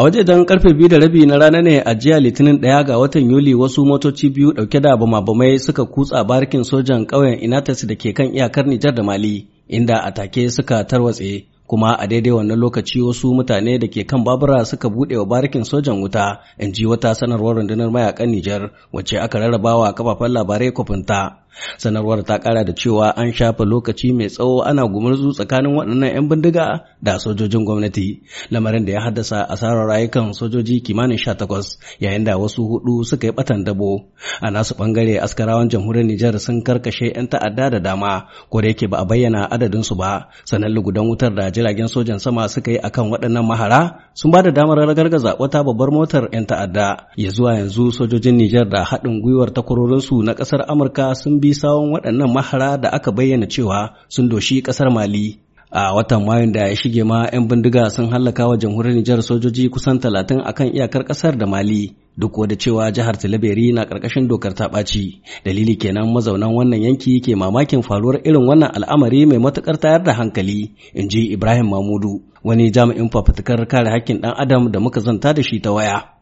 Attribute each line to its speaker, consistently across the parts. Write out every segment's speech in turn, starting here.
Speaker 1: A waje don karfe biyu da rabi na rana ne a jiya litinin ɗaya ga watan Yuli wasu motoci biyu ɗauke da bama-bamai suka kutsa barikin sojan ƙauyen Inatas da ke kan iyakar Nijar da Mali, inda a take suka tarwatse. Kuma a daidai wannan lokaci wasu mutane da ke kan babura suka buɗe wa barikin sojan wuta, in ji wata sanarwar rundunar mayakan Nijar, wacce aka rarrabawa kafafen labarai kwafinta. sanarwar ta kara da cewa an shafa lokaci mai tsawo ana gumurzu tsakanin waɗannan 'yan bindiga da sojojin gwamnati lamarin da ya haddasa asarar rayukan sojoji kimanin sha takwas, yayin da wasu hudu suka yi batan dabo a nasu bangare askarawan jamhuriyar Nijar sun karkashe 'yan ta'adda da dama ko da yake ba a bayyana adadin su ba sanan lugudan wutar da jiragen sojan sama suka yi akan waɗannan mahara sun ba da damar ragargaza wata babbar motar 'yan ta'adda ya zuwa yanzu sojojin Nijar da haɗin gwiwar takwarorinsu na ƙasar Amurka sun bi sawon waɗannan mahara da aka bayyana cewa sun doshi ƙasar Mali. A watan Mayun da ya shige ma 'yan bindiga sun hallaka wa jamhuriyar Nijar sojoji kusan talatin a kan iyakar ƙasar da Mali. Duk da cewa jihar Tilaberi na ƙarƙashin dokar ta ɓaci, dalili kenan mazaunan wannan yanki ke mamakin faruwar irin wannan al'amari mai matuƙar tayar da hankali, in ji Ibrahim Mamudu, wani jami'in fafutukar kare haƙƙin ɗan adam da muka zanta da shi ta waya.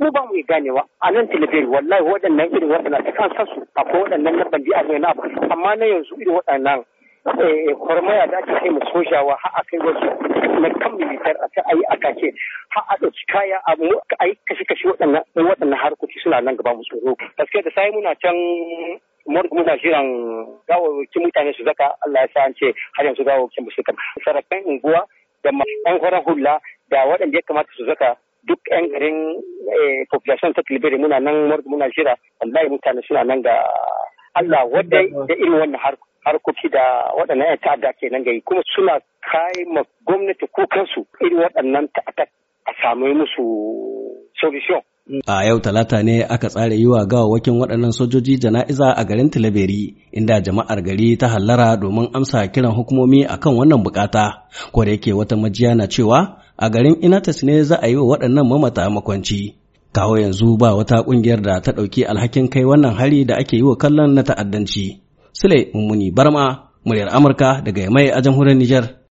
Speaker 2: mu ba mu ganewa a nan talabiri wallahi waɗannan irin waɗannan su kan A ko waɗannan na bandi a na ba amma na yanzu irin waɗannan eh, eh, kwarmaya da ake kai mu sojawa har a kai wasu na kan militar a sai a yi akace har a ɗauki kaya a yi kashe-kashe waɗannan waɗannan harkoki suna nan gaba mu tsoro gaskiya da sai muna can morgue muna jiran gawawakin mutane su zaka Allah ya sa an ce har yanzu gawawakin musulkan sarakan unguwa da ma'an horon hula da waɗanda ya kamata su zaka duk yan garin eh, population ta Tilibiri muna nan muna jira wallahi mutane suna nan ga Allah wadda da irin wannan harkoki da waɗannan yan ta'adda ke nan gari kuma suna kai ma gwamnati kansu irin waɗannan ta'adda a samu musu solution.
Speaker 1: A yau talata ne aka tsara yi wa gawo-wakin waɗannan sojoji jana'iza a garin Tilaberi inda jama'ar gari ta hallara domin amsa kiran hukumomi akan wannan bukata. Kodayake wata majiya na cewa a garin Inatas ne za a yi wa waɗannan mamata makwanci. Kawo yanzu ba wata ƙungiyar da ta ɗauki alhakin kai wannan hari da ake yi wa kallon na ta'addanci. Sule Mummuni Barma, muryar Amurka daga Yamai a jamhuriyar Nijar.